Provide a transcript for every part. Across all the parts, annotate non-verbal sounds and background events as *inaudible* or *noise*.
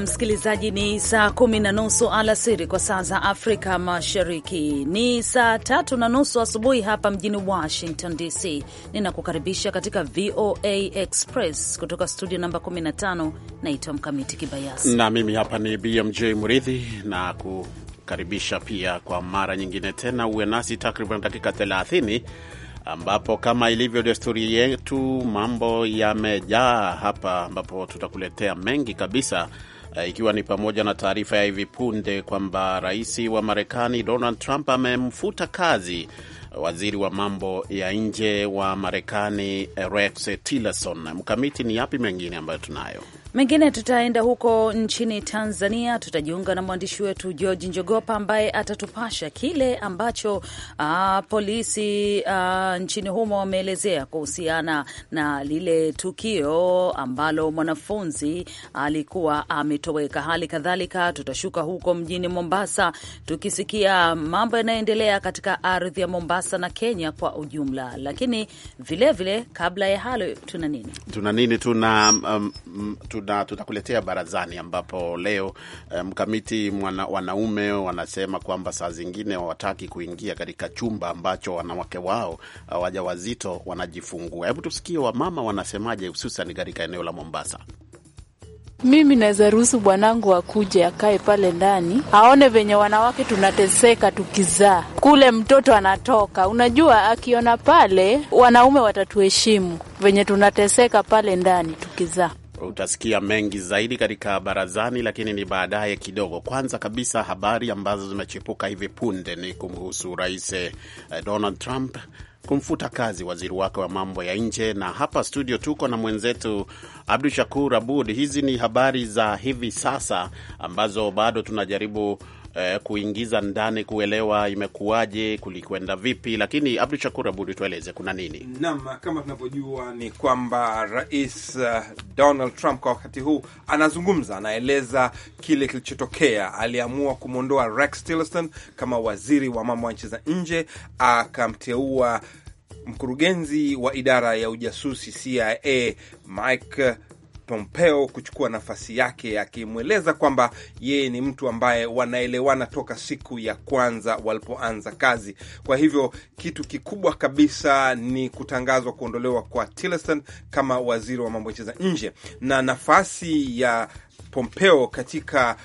msikilizaji, ni saa kumi na nusu alasiri kwa saa za Afrika Mashariki, ni saa tatu na nusu asubuhi hapa mjini Washington DC. Ninakukaribisha katika VOA Express kutoka studio namba 15. Naitwa Mkamiti Kibayasi na mimi hapa ni BMJ Murithi na kukaribisha pia kwa mara nyingine tena, uwe nasi takriban dakika 30 ambapo kama ilivyo desturi yetu mambo yamejaa hapa, ambapo tutakuletea mengi kabisa uh, ikiwa ni pamoja na taarifa ya hivi punde kwamba rais wa Marekani Donald Trump amemfuta kazi waziri wa mambo ya nje wa Marekani eh, Rex Tillerson. Mkamiti, ni yapi mengine ambayo tunayo? Mengine tutaenda huko nchini Tanzania, tutajiunga na mwandishi wetu George Njogopa ambaye atatupasha kile ambacho a, ah, polisi a, ah, nchini humo wameelezea kuhusiana na lile tukio ambalo mwanafunzi alikuwa ametoweka. Hali kadhalika tutashuka huko mjini Mombasa tukisikia mambo yanayoendelea katika ardhi ya Mombasa na Kenya kwa ujumla. Lakini vilevile vile, kabla ya halo tuna nini? Tuna nini? Tuna, um, tuna um, tuna, tutakuletea barazani ambapo leo eh, mkamiti um, wanaume wanasema kwamba saa zingine hawataki kuingia katika chumba ambacho wanawake wao wajawazito wanajifungua. Hebu tusikie wamama wanasemaje, hususan katika eneo la Mombasa. Mimi naweza ruhusu bwanangu akuje akae pale ndani aone venye wanawake tunateseka tukizaa. Kule mtoto anatoka, unajua, akiona pale wanaume watatuheshimu venye tunateseka pale ndani tukizaa. Utasikia mengi zaidi katika barazani, lakini ni baadaye kidogo. Kwanza kabisa, habari ambazo zimechipuka hivi punde ni kumhusu Rais eh, Donald Trump kumfuta kazi waziri wake wa mambo ya nje. Na hapa studio tuko na mwenzetu Abdu Shakur Abud. Hizi ni habari za hivi sasa ambazo bado tunajaribu eh, kuingiza ndani kuelewa imekuwaje, kulikwenda vipi. Lakini Abdu Shakur Abud, tueleze kuna nini? Naam, kama tunavyojua ni kwamba Rais eh, Donald Trump kwa wakati huu anazungumza, anaeleza kile kilichotokea. Aliamua kumwondoa Rex Tillerson kama waziri wa mambo ya nchi za nje, akamteua mkurugenzi wa idara ya ujasusi CIA Mike Pompeo kuchukua nafasi yake, akimweleza kwamba yeye ni mtu ambaye wanaelewana toka siku ya kwanza walipoanza kazi. Kwa hivyo kitu kikubwa kabisa ni kutangazwa kuondolewa kwa Tillerson kama waziri wa mambo ya nje na nafasi ya Pompeo katika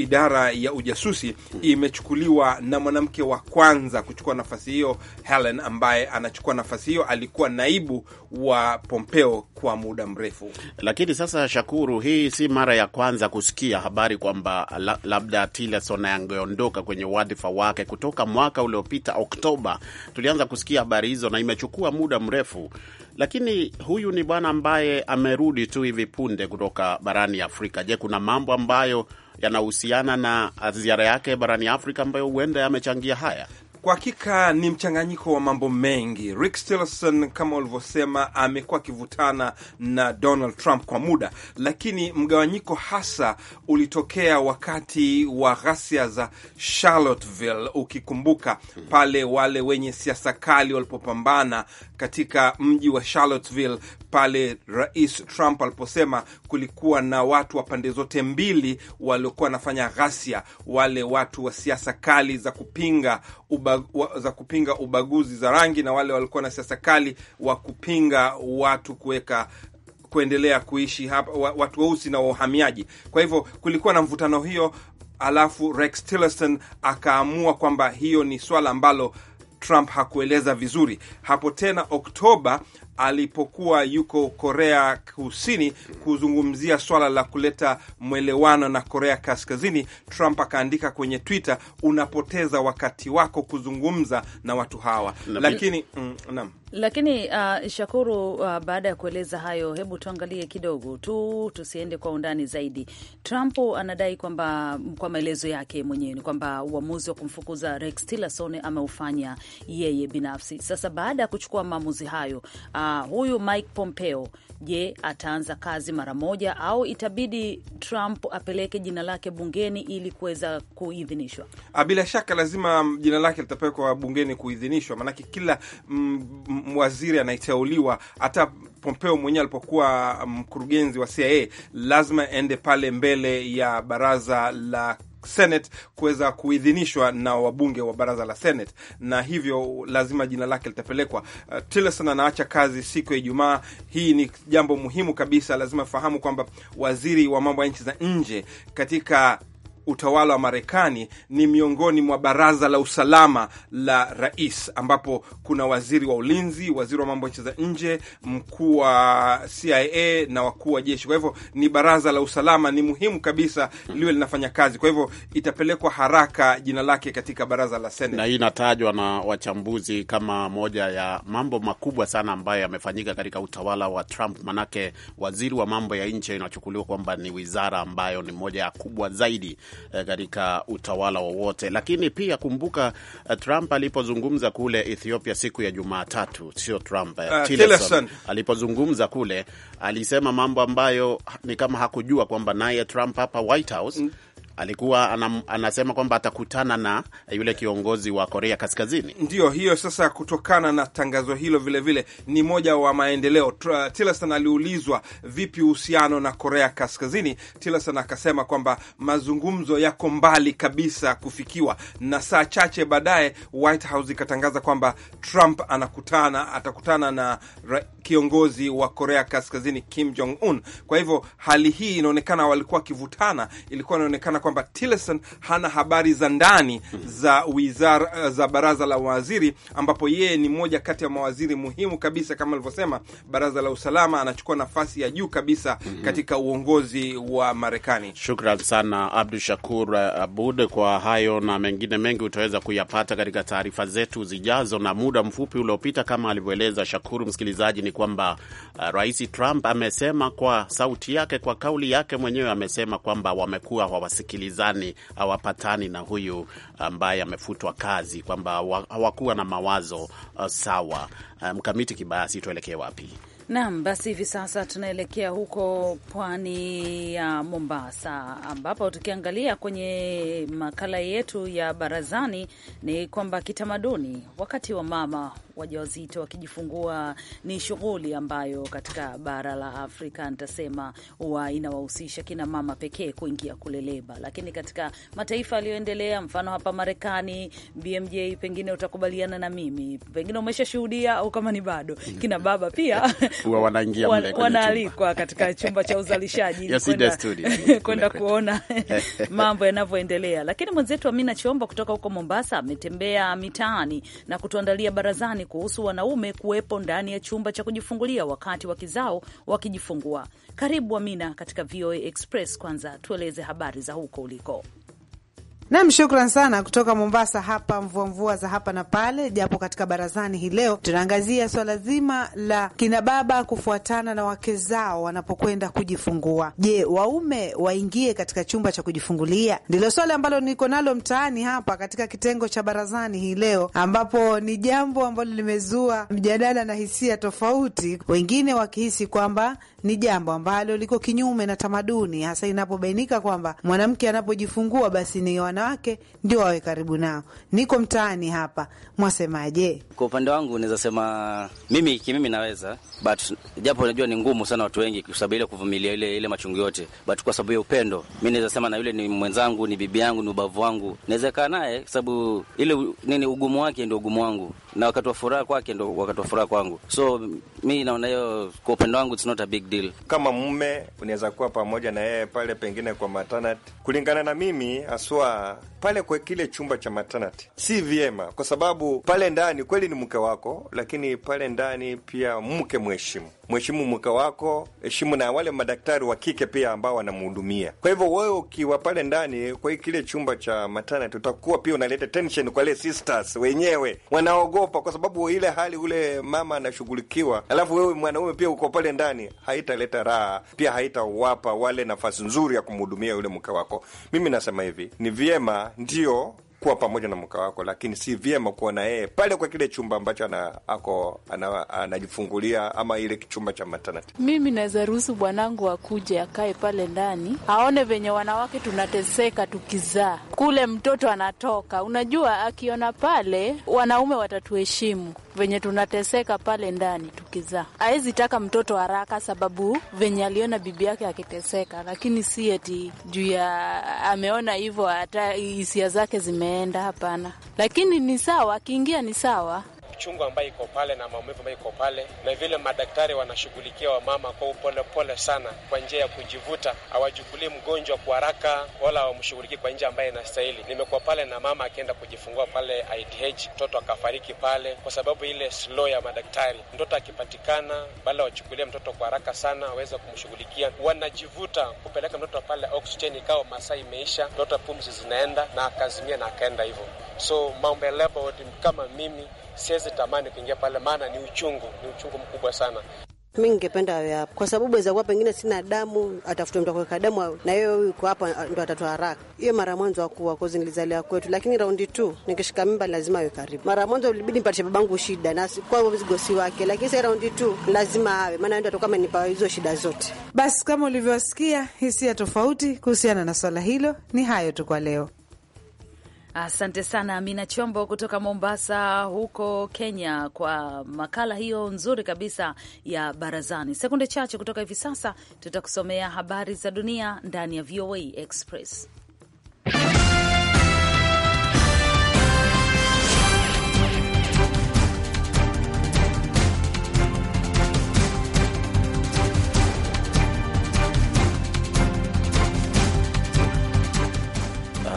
idara ya ujasusi imechukuliwa na mwanamke wa kwanza kuchukua nafasi hiyo, Helen ambaye anachukua nafasi hiyo, alikuwa naibu wa Pompeo kwa muda mrefu. Lakini sasa, Shakuru, hii si mara ya kwanza kusikia habari kwamba la, labda Tillerson angeondoka kwenye wadhifa wake. Kutoka mwaka uliopita Oktoba tulianza kusikia habari hizo na imechukua muda mrefu, lakini huyu ni bwana ambaye amerudi tu hivi punde kutoka barani Afrika. Je, kuna mambo ambayo yanahusiana na ziara yake barani Afrika ambayo huenda yamechangia haya? Kwa hakika ni mchanganyiko wa mambo mengi. Rick Tillerson kama ulivyosema, amekuwa akivutana na Donald Trump kwa muda, lakini mgawanyiko hasa ulitokea wakati wa ghasia za Charlottesville, ukikumbuka pale wale wenye siasa kali walipopambana katika mji wa Charlottesville, pale Rais Trump aliposema kulikuwa na watu wa pande zote mbili waliokuwa wanafanya ghasia, wale watu wa siasa kali za kupinga uba za kupinga ubaguzi za rangi na wale walikuwa na siasa kali wa kupinga watu kuweka kuendelea kuishi hapa watu weusi na wahamiaji. Kwa hivyo kulikuwa na mvutano hiyo, alafu Rex Tillerson akaamua kwamba hiyo ni swala ambalo Trump hakueleza vizuri hapo. Tena Oktoba alipokuwa yuko Korea Kusini kuzungumzia swala la kuleta mwelewano na Korea Kaskazini, Trump akaandika kwenye Twitter, unapoteza wakati wako kuzungumza na watu hawa na lakini mm, lakini uh, Shakuru, uh, baada ya kueleza hayo, hebu tuangalie kidogo tu, tusiende kwa undani zaidi. Trump anadai kwamba, kwa maelezo yake mwenyewe, ni kwamba uamuzi wa kumfukuza Rex Tillerson ameufanya yeye binafsi. Sasa baada ya kuchukua maamuzi hayo uh, huyu Mike Pompeo, je, ataanza kazi mara moja au itabidi Trump apeleke jina lake bungeni ili kuweza kuidhinishwa? Ah, bila shaka lazima mm, jina lake litapelekwa bungeni kuidhinishwa, maanake kila mm, waziri anaiteuliwa hata Pompeo mwenyewe alipokuwa mm, mkurugenzi wa CIA lazima ende pale mbele ya baraza la Senate kuweza kuidhinishwa na wabunge wa baraza la Senate, na hivyo lazima jina lake litapelekwa. Uh, Tillerson anaacha kazi siku ya Ijumaa. Hii ni jambo muhimu kabisa, lazima fahamu kwamba waziri wa mambo ya nchi za nje katika utawala wa Marekani ni miongoni mwa baraza la usalama la rais, ambapo kuna waziri wa ulinzi, waziri wa mambo ya nchi za nje, mkuu wa CIA na wakuu wa jeshi. Kwa hivyo ni baraza la usalama, ni muhimu kabisa liwe linafanya kazi. Kwa hivyo itapelekwa haraka jina lake katika baraza la Senate, na hii inatajwa na wachambuzi kama moja ya mambo makubwa sana ambayo yamefanyika katika utawala wa Trump, manake waziri wa mambo ya nje inachukuliwa kwamba ni wizara ambayo ni moja ya kubwa zaidi Eh, katika utawala wowote. Lakini pia kumbuka, eh, Trump alipozungumza kule Ethiopia siku ya Jumatatu, sio Trump, uh, Tillerson alipozungumza kule alisema mambo ambayo ni kama hakujua kwamba naye Trump hapa White House mm alikuwa anam, anasema kwamba atakutana na yule kiongozi wa Korea Kaskazini. Ndio hiyo sasa, kutokana na tangazo hilo vilevile vile, ni moja wa maendeleo. Tillerson aliulizwa vipi uhusiano na Korea Kaskazini. Tillerson akasema kwamba mazungumzo yako mbali kabisa kufikiwa, na saa chache baadaye White House ikatangaza kwamba Trump anakutana atakutana na kiongozi wa Korea Kaskazini Kim Jong Un. Kwa hivyo hali hii inaonekana walikuwa wakivutana, ilikuwa inaonekana kwamba Tillerson hana habari za ndani za wizara eh, za baraza la mawaziri, ambapo yeye ni mmoja kati ya mawaziri muhimu kabisa, kama alivyosema baraza la usalama, anachukua nafasi ya juu kabisa mhm. katika uongozi wa Marekani. Shukran sana Abdu Shakur eh, Abud kwa hayo na mengine mengi utaweza kuyapata katika taarifa zetu zijazo. Na muda mfupi uliopita, kama alivyoeleza Shakuru msikilizaji, ni kwamba uh, Rais Trump amesema kwa sauti yake, kwa kauli yake mwenyewe amesema kwamba wamekuwa wawasiki hawasikilizani, hawapatani na huyu ambaye amefutwa kazi, kwamba hawakuwa na mawazo uh, sawa. Uh, Mkamiti um, kibayasi, tuelekee wapi? Naam, basi hivi sasa tunaelekea huko pwani ya Mombasa, ambapo tukiangalia kwenye makala yetu ya barazani ni kwamba kitamaduni, wakati wa mama wajawazito wakijifungua ni shughuli ambayo katika bara la Afrika nitasema huwa inawahusisha kina mama pekee kuingia kuleleba, lakini katika mataifa yaliyoendelea, mfano hapa Marekani, BMJ, pengine utakubaliana na mimi, pengine umeshashuhudia au kama ni bado, kina baba pia *laughs* wanaingia wanaalikwa katika chumba cha uzalishaji *laughs* kwenda *laughs* kuona mambo yanavyoendelea. Lakini mwenzetu Amina Chombo kutoka huko Mombasa ametembea mitaani na kutuandalia barazani kuhusu wanaume kuwepo ndani ya chumba cha kujifungulia wakati wa kizao wakijifungua. Karibu Amina katika VOA Express. Kwanza tueleze habari za huko uliko. Nam, shukran sana kutoka Mombasa. Hapa mvua mvua za hapa na pale, japo katika barazani hii leo tunaangazia swala zima la kinababa kufuatana na wake zao wanapokwenda kujifungua. Je, waume waingie katika chumba cha kujifungulia? Ndilo swali ambalo niko nalo mtaani hapa katika kitengo cha barazani hii leo, ambapo ni jambo ambalo limezua mjadala na hisia tofauti, wengine wakihisi kwamba ni jambo ambalo liko kinyume na tamaduni, hasa inapobainika kwamba mwanamke anapojifungua basi ni wana wanawake ndio wawe karibu nao. Niko mtaani hapa, mwasemaje? Kwa upande wangu naweza sema mimi kimimi naweza but, japo najua ni ngumu sana watu wengi, kwa ile kuvumilia ile ile machungu yote, but kwa sababu ya upendo, mi naweza sema na yule ni mwenzangu, ni bibi yangu, ni ubavu wangu, naweza kaa naye, sababu ile nini ugumu wake ndio ugumu wangu na wakati wa furaha kwake ndo wakati wa furaha kwangu, so mi naona hiyo kwa upendo wangu it's not a big deal. Kama mume unaweza kuwa pamoja na yeye pale pengine kwa maternity, kulingana na mimi haswa pale kwa kile chumba cha maternity si vyema, kwa sababu pale ndani kweli ni mke wako, lakini pale ndani pia mke mheshimu, mheshimu mke wako, heshimu na wale madaktari wa kike pia ambao wanamhudumia. Kwa hivyo wewe ukiwa pale ndani kwa kile chumba cha maternity utakuwa pia unaleta tension kwa le sisters wenyewe wanaogopa kuogopa, kwa sababu ile hali ule mama anashughulikiwa, alafu wewe mwanaume pia uko pale ndani, haitaleta raha, pia haitawapa wale nafasi nzuri ya kumhudumia yule mke wako. Mimi nasema hivi, ni vyema ndio kuwa pamoja na mke wako, lakini si vyema kuwa na yeye pale kwa kile chumba ambacho ana, ako anajifungulia ana, ama ile chumba cha matanati. Mimi naweza ruhusu bwanangu akuje akae pale ndani aone venye wanawake tunateseka tukizaa, kule mtoto anatoka. Unajua, akiona pale wanaume watatuheshimu venye tunateseka pale ndani tukizaa. Awezi taka mtoto haraka, sababu venye aliona bibi yake akiteseka, lakini si eti juu ya ameona hivyo hata hisia zake zime ameenda, hapana. Lakini ni sawa, akiingia ni sawa uchungu ambayo iko pale na maumivu ambayo iko pale, na vile madaktari wanashughulikia wamama kwa upolepole sana, kwa njia ya kujivuta. hawajukulii mgonjwa kwa haraka, wala hawamshughulikii kwa njia ambayo inastahili. Nimekuwa pale na mama akienda kujifungua pale ITH, mtoto akafariki pale kwa sababu ile slow ya madaktari. Mtoto akipatikana, bala wachukulia mtoto kwa haraka sana, waweza kumshughulikia. Wanajivuta kupeleka mtoto pale oxygen, ikawa masaa imeisha, mtoto pumzi zinaenda na akazimia na akaenda hivyo. So Mount kama mimi siwezi tamani kuingia pale, maana ni uchungu, ni uchungu mkubwa sana. Mi ningependa kwa sababu weza kuwa pengine sina damu, atafute mtu akuweka damu na yeye huyu yuko hapa ndo atatoa haraka. Hiyo mara mwanzo akuwa kozi nilizalia kwetu, lakini raundi tu nikishika mimba lazima awe karibu. Mara mwanzo ulibidi nipatishe babangu shida na kwa mzigosi wake, lakini sasa raundi tu lazima awe, maana ndo atakuwa amenipa hizo shida zote. Basi kama ulivyowasikia hisia tofauti kuhusiana na swala hilo, ni hayo tu kwa leo. Asante sana Amina Chombo kutoka Mombasa huko Kenya kwa makala hiyo nzuri kabisa ya barazani. Sekunde chache kutoka hivi sasa tutakusomea habari za dunia ndani ya VOA Express.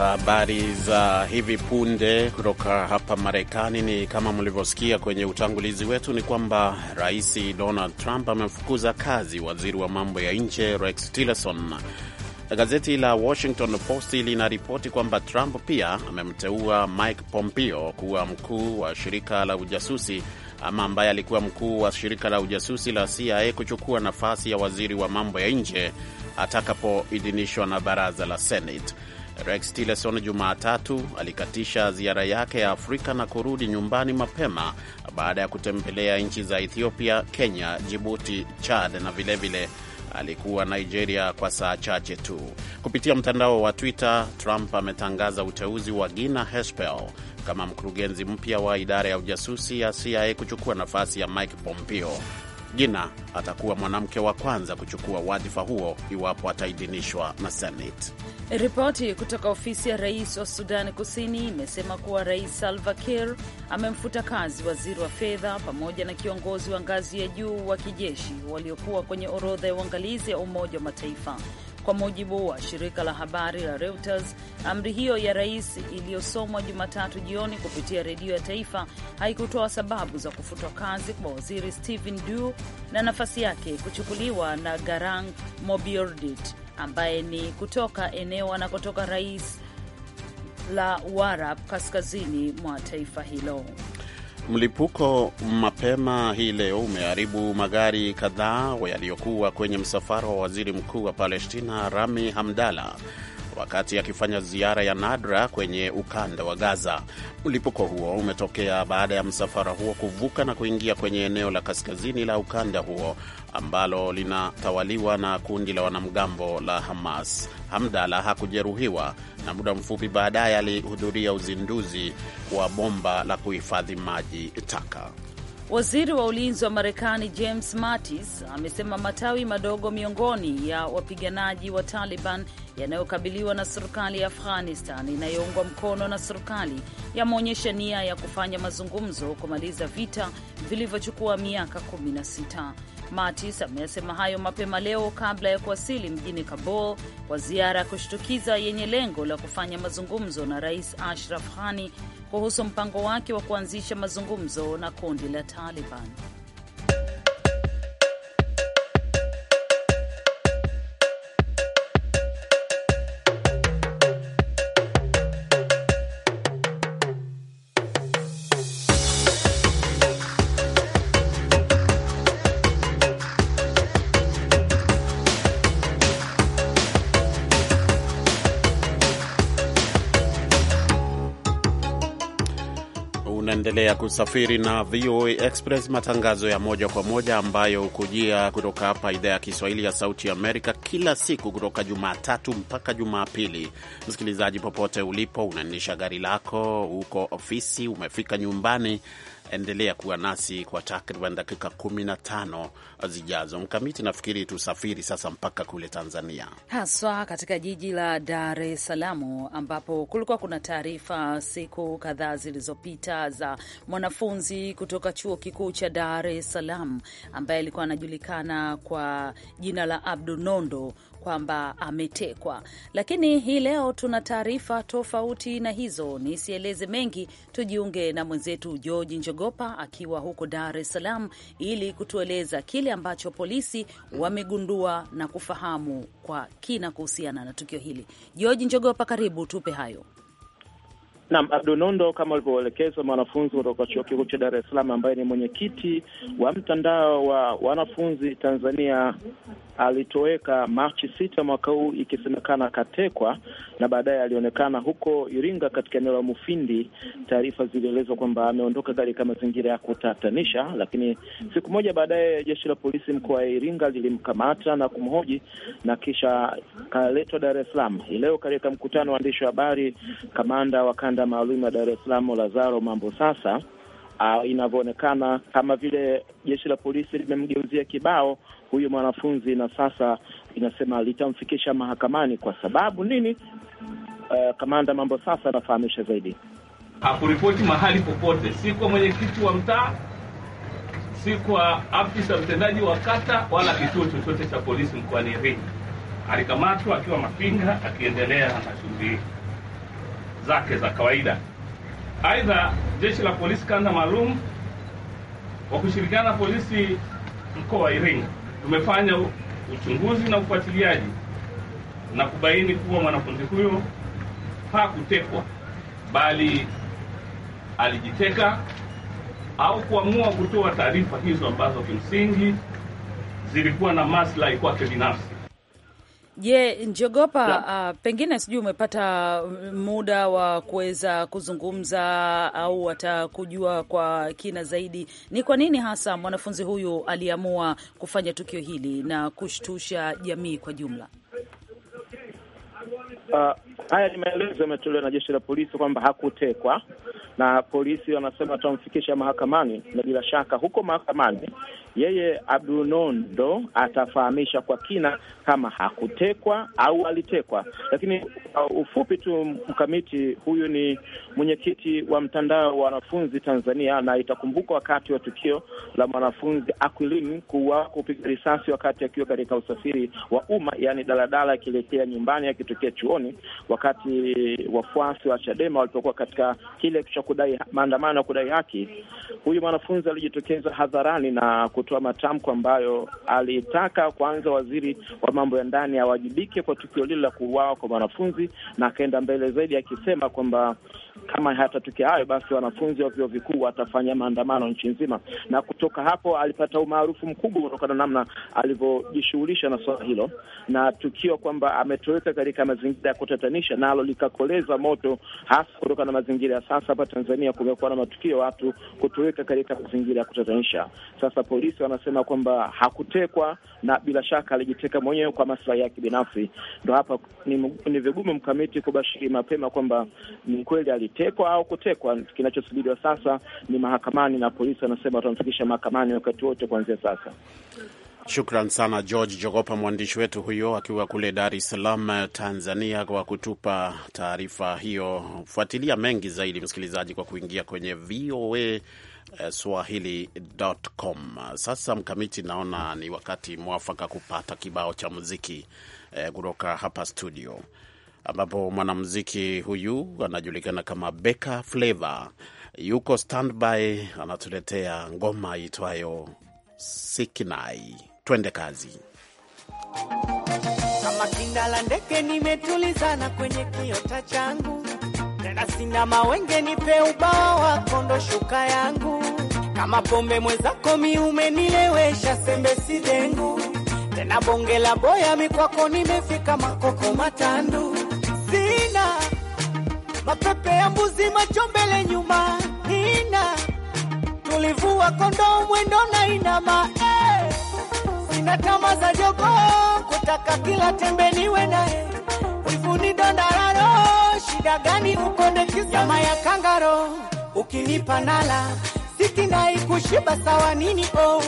Habari za hivi punde kutoka hapa Marekani ni kama mlivyosikia kwenye utangulizi wetu, ni kwamba Rais Donald Trump amemfukuza kazi waziri wa mambo ya nje Rex Tillerson. Gazeti la Washington Post linaripoti kwamba Trump pia amemteua Mike Pompeo kuwa mkuu wa shirika la ujasusi ama ambaye alikuwa mkuu wa shirika la ujasusi la CIA kuchukua nafasi ya waziri wa mambo ya nje atakapoidhinishwa na baraza la Senate. Rex Tillerson Jumatatu alikatisha ziara yake ya Afrika na kurudi nyumbani mapema baada ya kutembelea nchi za Ethiopia, Kenya, Jibuti, Chad na vilevile vile alikuwa Nigeria kwa saa chache tu. Kupitia mtandao wa Twitter, Trump ametangaza uteuzi wa Gina Haspel kama mkurugenzi mpya wa idara ya ujasusi ya CIA kuchukua nafasi ya Mike Pompeo Gina atakuwa mwanamke wa kwanza kuchukua wadhifa huo iwapo ataidhinishwa na Senate. Ripoti kutoka ofisi ya rais wa Sudani Kusini imesema kuwa Rais Salva Kiir amemfuta kazi waziri wa fedha pamoja na kiongozi wa ngazi ya juu wa kijeshi waliokuwa kwenye orodha ya uangalizi ya Umoja wa Mataifa kwa mujibu wa shirika la habari la Reuters, amri hiyo ya rais iliyosomwa Jumatatu jioni kupitia redio ya taifa haikutoa sababu za kufutwa kazi kwa waziri Stephen Du na nafasi yake kuchukuliwa na Garang Mobiordit ambaye ni kutoka eneo anakotoka rais la Warab kaskazini mwa taifa hilo. Mlipuko mapema hii leo umeharibu magari kadhaa yaliyokuwa kwenye msafara wa waziri mkuu wa Palestina Rami Hamdala wakati akifanya ziara ya nadra kwenye ukanda wa Gaza. Mlipuko huo umetokea baada ya msafara huo kuvuka na kuingia kwenye eneo la kaskazini la ukanda huo ambalo linatawaliwa na kundi la wanamgambo la Hamas. Hamdala hakujeruhiwa na muda mfupi baadaye alihudhuria uzinduzi wa bomba la kuhifadhi maji taka. Waziri wa ulinzi wa Marekani James Mattis amesema matawi madogo miongoni ya wapiganaji wa Taliban yanayokabiliwa na serikali ya Afghanistan inayoungwa mkono na serikali yameonyesha nia ya kufanya mazungumzo kumaliza vita vilivyochukua miaka 16. Mattis ameyasema hayo mapema leo kabla ya kuwasili mjini Kabul kwa ziara ya kushtukiza yenye lengo la kufanya mazungumzo na Rais Ashraf Ghani kuhusu mpango wake wa kuanzisha mazungumzo na kundi la Taliban. Unaendelea kusafiri na VOA Express, matangazo ya moja kwa moja ambayo hukujia kutoka hapa idhaa ya Kiswahili ya Sauti Amerika kila siku kutoka Jumatatu mpaka Jumapili. Msikilizaji, popote ulipo, unaendesha gari lako, uko ofisi, umefika nyumbani endelea kuwa nasi kwa takriban dakika 15 zijazo. Mkamiti, nafikiri tusafiri sasa mpaka kule Tanzania, haswa katika jiji la Dar es Salaam ambapo kulikuwa kuna taarifa siku kadhaa zilizopita za mwanafunzi kutoka chuo kikuu cha Dar es Salaam ambaye alikuwa anajulikana kwa jina la Abdu Nondo kwamba ametekwa, lakini hii leo tuna taarifa tofauti na hizo. Nisieleze mengi, tujiunge na mwenzetu George Njogopa akiwa huko Dar es Salaam ili kutueleza kile ambacho polisi wamegundua na kufahamu kwa kina kuhusiana na tukio hili. George Njogopa, karibu, tupe hayo. Naam, Abdunondo, kama ulivyoelekezwa, mwanafunzi kutoka chuo kikuu cha Dar es Salaam ambaye ni mwenyekiti wa mtandao wa wanafunzi Tanzania alitoweka Machi sita mwaka huu, ikisemekana akatekwa na baadaye alionekana huko Iringa katika eneo la Mufindi. Taarifa zilielezwa kwamba ameondoka katika mazingira ya kutatanisha, lakini siku moja baadaye jeshi la polisi mkoa wa Iringa lilimkamata na kumhoji na kisha kaletwa Dar es Salaam. Hii leo katika mkutano wa waandishi wa habari, kamanda wa kanda maalum ya Dar es Salaam Lazaro Mambo sasa uh, inavyoonekana kama vile jeshi la polisi limemgeuzia kibao huyu mwanafunzi, na sasa inasema litamfikisha mahakamani. Kwa sababu nini? Uh, kamanda mambo sasa anafahamisha zaidi. Hakuripoti mahali popote, si kwa mwenyekiti wa mtaa, si kwa afisa mtendaji wa kata, wala kituo chochote cha polisi mkoani Iringa. Alikamatwa akiwa Mafinga akiendelea na shughuli zake za kawaida. Aidha, jeshi la polisi kanda maalum kwa kushirikiana na polisi mkoa wa Iringa tumefanya uchunguzi na ufuatiliaji na kubaini kuwa mwanafunzi huyo hakutekwa, bali alijiteka au kuamua kutoa taarifa hizo ambazo kimsingi zilikuwa na maslahi kwake binafsi. Je, Njogopa, uh, pengine sijui umepata mm, muda wa kuweza kuzungumza au hata kujua kwa kina zaidi ni kwa nini hasa mwanafunzi huyu aliamua kufanya tukio hili na kushtusha jamii kwa jumla? Uh, Haya ni maelezo yametolewa na jeshi la polisi kwamba hakutekwa, na polisi wanasema atamfikisha mahakamani, na bila shaka huko mahakamani yeye Abdunondo atafahamisha kwa kina kama hakutekwa au alitekwa. Lakini uh, ufupi tu mkamiti huyu ni mwenyekiti wa mtandao wa wanafunzi Tanzania, na itakumbuka wakati wa tukio la mwanafunzi Aquilin kuwa kupiga risasi wakati akiwa katika usafiri wa umma, yaani daladala, akielekea nyumbani akitokea chuoni wakati wafuasi wa Chadema walipokuwa katika kile cha kudai maandamano ya kudai haki, huyu mwanafunzi alijitokeza hadharani na kutoa matamko ambayo alitaka kwanza waziri wa mambo ya ndani awajibike kwa tukio lile la kuuawa kwa mwanafunzi, na akaenda mbele zaidi akisema kwamba kama hatatokea hayo, basi wanafunzi wa vyuo vikuu watafanya maandamano nchi nzima, na kutoka hapo alipata umaarufu mkubwa kutokana na namna alivyojishughulisha na swala hilo, na tukio kwamba ametoweka katika mazingira ya kutatanisha, nalo likakoleza moto, hasa kutokana na mazingira ya sasa hapa Tanzania. Kumekuwa na matukio ya watu kutoweka katika mazingira ya kutatanisha. Sasa polisi wanasema kwamba hakutekwa, na bila shaka alijiteka mwenyewe kwa maslahi yake binafsi. Ndo hapa ni, ni vigumu mkamiti kubashiri mapema kwamba ni kweli alitekwa au kutekwa. Kinachosubiriwa sasa ni mahakamani, na polisi wanasema watamfikisha mahakamani wakati wote kuanzia sasa. Shukran sana George Jogopa, mwandishi wetu huyo akiwa kule Dar es Salaam, Tanzania, kwa kutupa taarifa hiyo. Fuatilia mengi zaidi, msikilizaji, kwa kuingia kwenye VOA eh, swahili.com. Sasa Mkamiti, naona ni wakati mwafaka kupata kibao cha muziki eh, kutoka eh, hapa studio ambapo mwanamuziki huyu anajulikana kama Beka Flava yuko standby, anatuletea ngoma itwayo Sikinai. Twende kazi. Kama kinda la ndege nimetulizana kwenye kiota changu, tena sina mawenge, nipe ubawa wako ndo shuka yangu. Kama pombe mwenzako miume nilewesha sembe sidengu, tena bonge la boya mikwako nimefika makoko matandu mapepe ya mbuzi, macho mbele nyuma, nina tulivua kondoo mwendo na inama eh. Sina tama za jogo kutaka kila tembe niwe naye eh. Wivuni dondararo shida gani ukonde kisama ya kangaro ukinipa nala sitina ikushiba sawa nini oh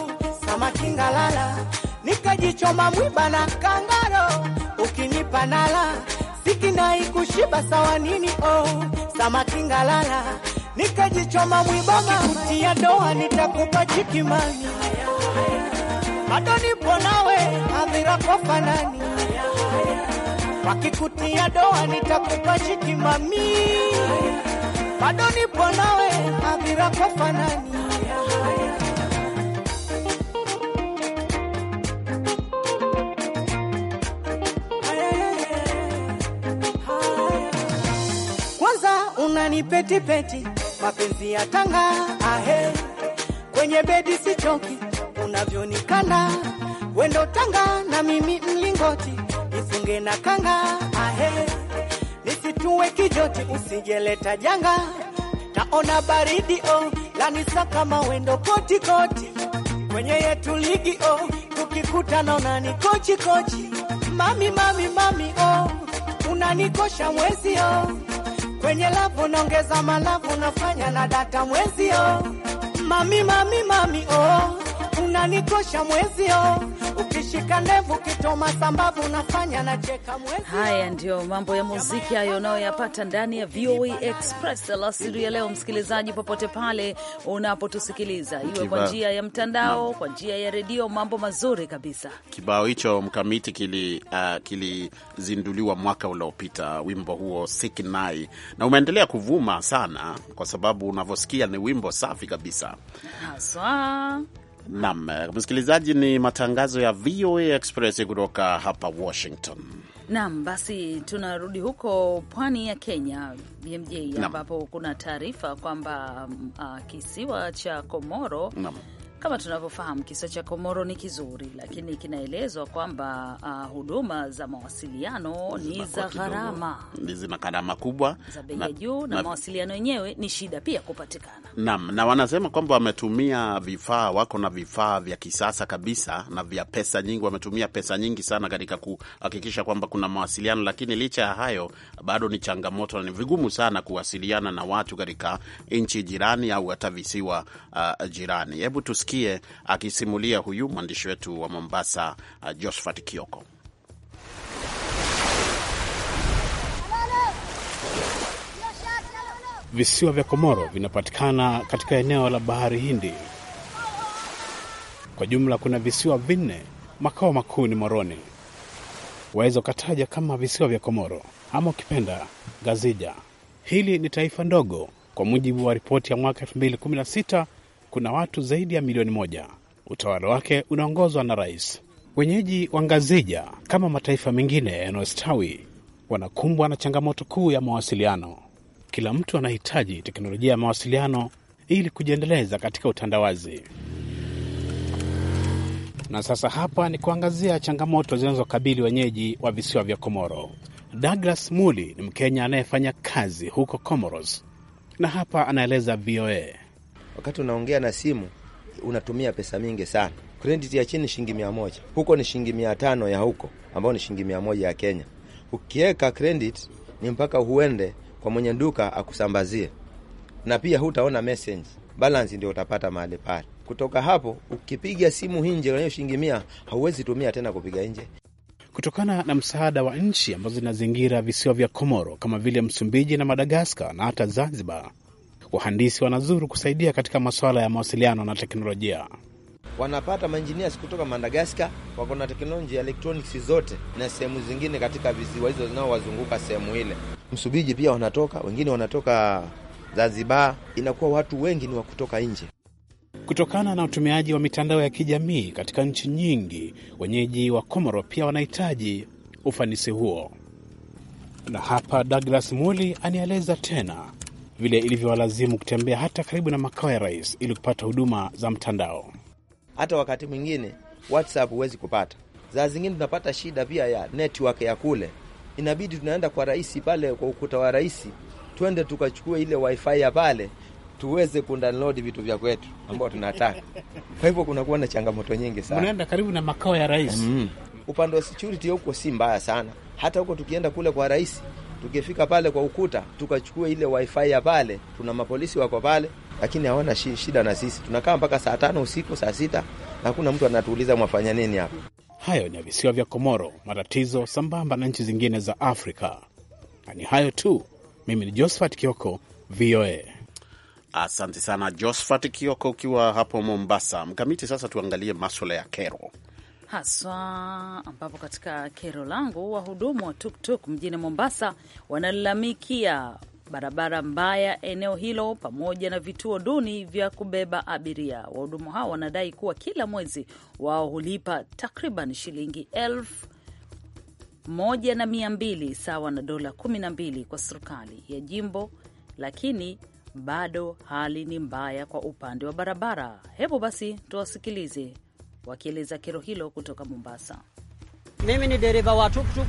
samaki ngalala nikajichoma mwiba na kangaro ukinipa nala Siki na ikushiba sawa nini? Oh, samaki ngalala nikajichoma mwiboma, kutia doha nitakupa chikimani, bado nipo nawe hadhira kwa fanani, wakikutia doha nitakupa chikimami, bado nipo nawe adhira kwa fanani ni yaani peti peti, mapenzi ya tanga ahe, kwenye bedi sichoki, unavyonikanda wendo tanga na mimi mlingoti, nifunge na kanga ahe, nisitue kijoti, usijeleta janga, naona baridi oh, lanisa kama wendo koti koti, kwenye yetu ligi oh, naona ni kochi kochi, mami mami mami oh, unanikosha mwezi oh kwenye lavu naongeza malavu, nafanya na data mwezio, mami mami mami, oh unanikosha mwezio Haya ndiyo mambo ya muziki hayo unayoyapata ndani ya VOA e Express alasiri ya leo, msikilizaji, popote pale unapotusikiliza, iwe kwa njia ya mtandao, kwa njia ya redio, mambo mazuri kabisa. Kibao hicho mkamiti uh, kilizinduliwa uh, kili mwaka uliopita, wimbo huo Sikinai, na umeendelea kuvuma sana, kwa sababu unavyosikia ni wimbo safi kabisa haswa nam msikilizaji, ni matangazo ya VOA Express kutoka hapa Washington. nam basi tunarudi huko pwani ya Kenya, BMJ, ambapo kuna taarifa kwamba uh, kisiwa cha Komoro Nam. Kama tunavyofahamu, kisa cha Komoro ni kizuri, lakini kinaelezwa kwamba uh, huduma za mawasiliano ni za gharama, zina gharama kubwa za bei ya juu na, na, na mawasiliano yenyewe ni shida pia kupatikana. Naam, na wanasema kwamba wametumia vifaa, wako na vifaa vya kisasa kabisa na vya pesa nyingi, wametumia pesa nyingi sana katika kuhakikisha kwamba kuna mawasiliano, lakini licha ya hayo bado ni changamoto na ni vigumu sana kuwasiliana na watu katika nchi jirani au hata visiwa uh, jirani. Hebu tusikie akisimulia huyu mwandishi wetu wa Mombasa, uh, Josphat Kioko. Visiwa vya Komoro vinapatikana katika eneo la bahari Hindi. Kwa jumla kuna visiwa vinne, makao makuu ni Moroni. Waweza ukataja kama visiwa vya Komoro ama ukipenda gazija. Hili ni taifa ndogo. Kwa mujibu wa ripoti ya mwaka 2016 kuna watu zaidi ya milioni moja. Utawala wake unaongozwa na rais. Wenyeji wa Ngazija, kama mataifa mengine yanayostawi, wanakumbwa na changamoto kuu ya mawasiliano. Kila mtu anahitaji teknolojia ya mawasiliano ili kujiendeleza katika utandawazi. Na sasa hapa ni kuangazia changamoto zinazokabili wenyeji wa visiwa vya Komoro. Douglas Muli ni Mkenya anayefanya kazi huko Comoros na hapa anaeleza VOA. Wakati unaongea na simu unatumia pesa mingi sana. Kredit ya chini shilingi mia moja huko ni shilingi mia tano ya huko ambayo ni shilingi mia moja ya Kenya. Ukiweka kredit ni mpaka huende kwa mwenye duka akusambazie, na pia hutaona message balance, ndio utapata mahali pale. Kutoka hapo ukipiga simu hinje nayo shilingi mia, hauwezi tumia tena kupiga nje kutokana na msaada wa nchi ambazo zinazingira visiwa vya Komoro kama vile Msumbiji na Madagaskar na hata Zanzibar. Wahandisi wanazuru kusaidia katika masuala ya mawasiliano na teknolojia. Wanapata mainjinias kutoka Madagaskar, wako na teknoloji ya elektroniki zote na sehemu zingine katika visiwa hizo zinaowazunguka sehemu ile. Msumbiji pia wanatoka, wengine wanatoka Zanzibar. Inakuwa watu wengi ni wa kutoka nje. Kutokana na utumiaji wa mitandao ya kijamii katika nchi nyingi, wenyeji wa Komoro pia wanahitaji ufanisi huo, na hapa Douglas Muli anieleza tena vile ilivyowalazimu kutembea hata karibu na makao ya rais ili kupata huduma za mtandao. Hata wakati mwingine WhatsApp huwezi kupata, saa zingine tunapata shida pia ya network ya kule, inabidi tunaenda kwa rais pale kwa ukuta wa rais, twende tukachukue ile wifi ya pale tuweze kudownload vitu vya kwetu ambao tunataka. Kwa hivyo kunakuwa na changamoto nyingi sana. Mnaenda karibu na makao ya rais. Mm. Upande wa security huko si mbaya sana, hata huko tukienda kule kwa rais, tukifika pale kwa ukuta tukachukua ile wifi ya pale, tuna mapolisi wako pale, lakini hawana shida na sisi. Tunakaa mpaka saa tano usiku, saa sita, na hakuna mtu anatuuliza mwafanya nini hapa. Hayo ni visiwa vya Komoro, matatizo sambamba na nchi zingine za Afrika. Na ni hayo tu. Mimi ni Josephat Kioko, VOA. Asante sana Josphat Kioko ukiwa hapo Mombasa. Mkamiti, sasa tuangalie maswala ya kero haswa ambapo katika kero langu wahudumu wa tuktuk mjini Mombasa wanalalamikia barabara mbaya eneo hilo pamoja na vituo duni vya kubeba abiria. Wahudumu hao wanadai kuwa kila mwezi wao hulipa takriban shilingi elfu moja na mia mbili sawa na dola kumi na mbili kwa serikali ya jimbo, lakini bado hali ni mbaya kwa upande wa barabara. Hebu basi tuwasikilize wakieleza kero hilo kutoka Mombasa. Mimi ni dereva wa tuktuk.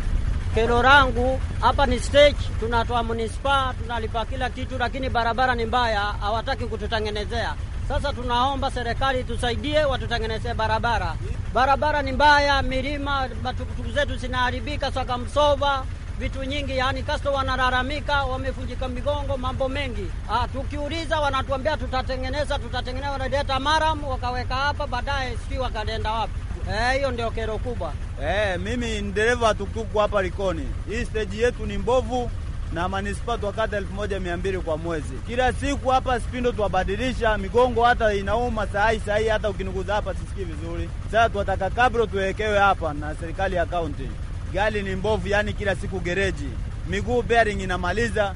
Kero rangu hapa ni stage, tunatoa munisipa, tunalipa kila kitu, lakini barabara ni mbaya, hawataki kututengenezea. Sasa tunaomba serikali tusaidie, watutengenezee barabara. Barabara ni mbaya, milima, matukutuku zetu zinaharibika, sakamsova vitu nyingi, yaani kasto wanalalamika, wamevunjika migongo, mambo mengi. Ah, tukiuliza wanatuambia tutatengeneza, tutatengeneza, wanaleta maram wakaweka hapa, baadaye sijui wakaenda wapi. Eh, hiyo ndio kero kubwa. Eh, mimi ni dereva tukutuku hapa Likoni. Hii steji yetu ni mbovu na manispa twakata elfu moja mia mbili kwa mwezi kila siku. Hapa spindo twabadilisha migongo, hata inauma sahai sahai, hata ukinuguza hapa sisikii vizuri. Sasa twataka kabro tuwekewe hapa na serikali ya kaunti gari ni mbovu, yani kila siku gereji, miguu bearing inamaliza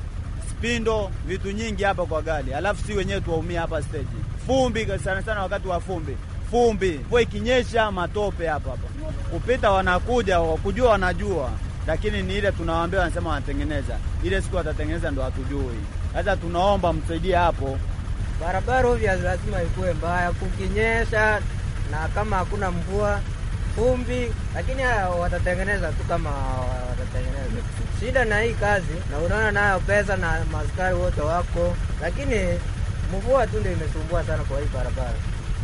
spindo, vitu nyingi hapa kwa gari, alafu si wenyewe tuwaumia hapa stage. Fumbi sana sana, wakati wa fumbi fumbi, mvua ikinyesha, matope hapa hapa kupita, wanakuja wakujua, wanajua lakini ni ile tunawaambia, wanasema wanatengeneza. Ile siku watatengeneza ndo hatujui. Sasa tunaomba msaidie hapo. Barabara ovya lazima ikuwe mbaya kukinyesha, na kama hakuna mvua vumbi, lakini watatengeneza tu kama watatengeneza. Shida na hii kazi, na unaona nayo pesa na maskari wote wako, lakini mvua tu ndio imesumbua sana kwa hii barabara.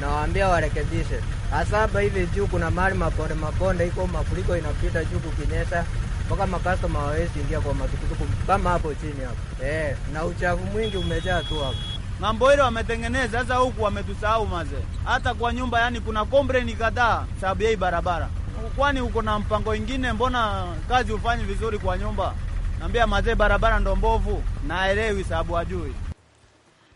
Nawaambia warekebishe, hasaba hivi juu kuna mali maponde maponde iko mafuriko inapita juu kukinyesha mpaka makastoma hawawezi ingia kwa matukutuku kama hapo chini hapo eh, na uchafu mwingi umejaa tu hapo ng'ambo ile wametengeneza, sasa huku wametusahau mazee. Hata kwa nyumba yani kuna kompleni kadhaa sababu ya barabara. Kwani uko na mpango ingine? Mbona kazi ufanyi vizuri kwa nyumba? Naambia mazee, barabara ndo mbovu, naelewi sababu ajui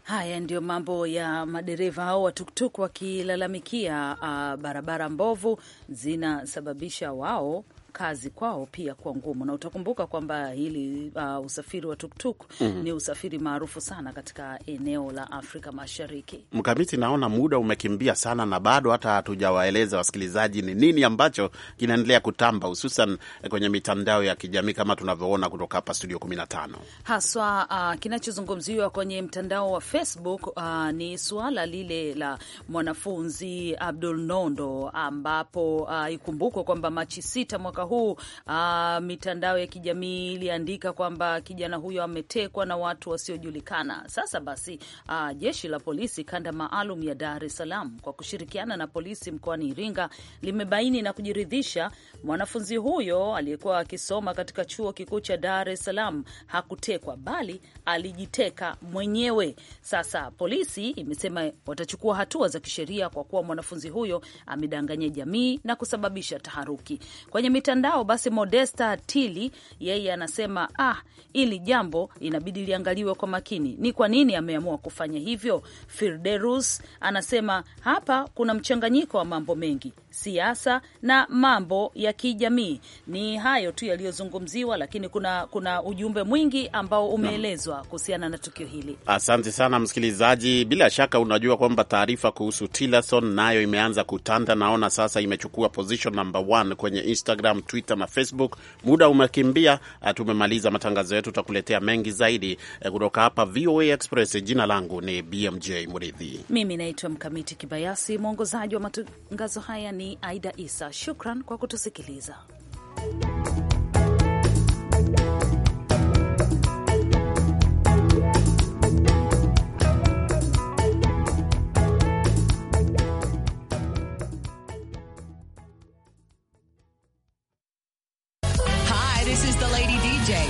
Haya ndio mambo ya madereva hao wa tuktuk wakilalamikia uh, barabara mbovu zinasababisha wao kazi kwao pia kuwa ngumu, na utakumbuka kwamba hili uh, usafiri wa tuktuk mm -hmm. ni usafiri maarufu sana katika eneo la Afrika Mashariki. Mkamiti, naona muda umekimbia sana, na bado hata hatujawaeleza wasikilizaji ni nini ambacho kinaendelea kutamba, hususan eh, kwenye mitandao ya kijamii kama tunavyoona kutoka hapa studio 15 haswa. Uh, kinachozungumziwa kwenye mtandao wa Facebook uh, ni suala lile la mwanafunzi Abdul Nondo ambapo uh, ikumbukwe kwamba Machi sita mwaka mwaka huu uh, mitandao ya kijamii iliandika kwamba kijana huyo ametekwa na watu wasiojulikana. Sasa basi, uh, jeshi la polisi kanda maalum ya Dar es Salaam kwa kushirikiana na polisi mkoani Iringa limebaini na kujiridhisha mwanafunzi huyo aliyekuwa akisoma katika chuo kikuu cha Dar es Salaam hakutekwa, bali alijiteka mwenyewe. Sasa polisi imesema watachukua hatua za kisheria kwa kuwa mwanafunzi huyo amedanganya jamii na kusababisha taharuki kwenye mita mitandao. Basi Modesta Tili yeye anasema ah, ili jambo inabidi liangaliwe kwa makini, ni kwa nini ameamua kufanya hivyo. Firderus anasema hapa kuna mchanganyiko wa mambo mengi, siasa na mambo ya kijamii. Ni hayo tu yaliyozungumziwa, lakini kuna, kuna ujumbe mwingi ambao umeelezwa kuhusiana na tukio hili. Asante sana msikilizaji, bila shaka unajua kwamba taarifa kuhusu Tillerson nayo imeanza kutanda. Naona sasa imechukua position number one kwenye Instagram Twitter na Facebook. Muda umekimbia, eh, tumemaliza matangazo yetu, tutakuletea mengi zaidi eh, kutoka hapa VOA Express. Jina langu ni BMJ mridhi mimi naitwa Mkamiti Kibayasi. Mwongozaji wa matangazo haya ni Aida Isa. Shukran kwa kutusikiliza.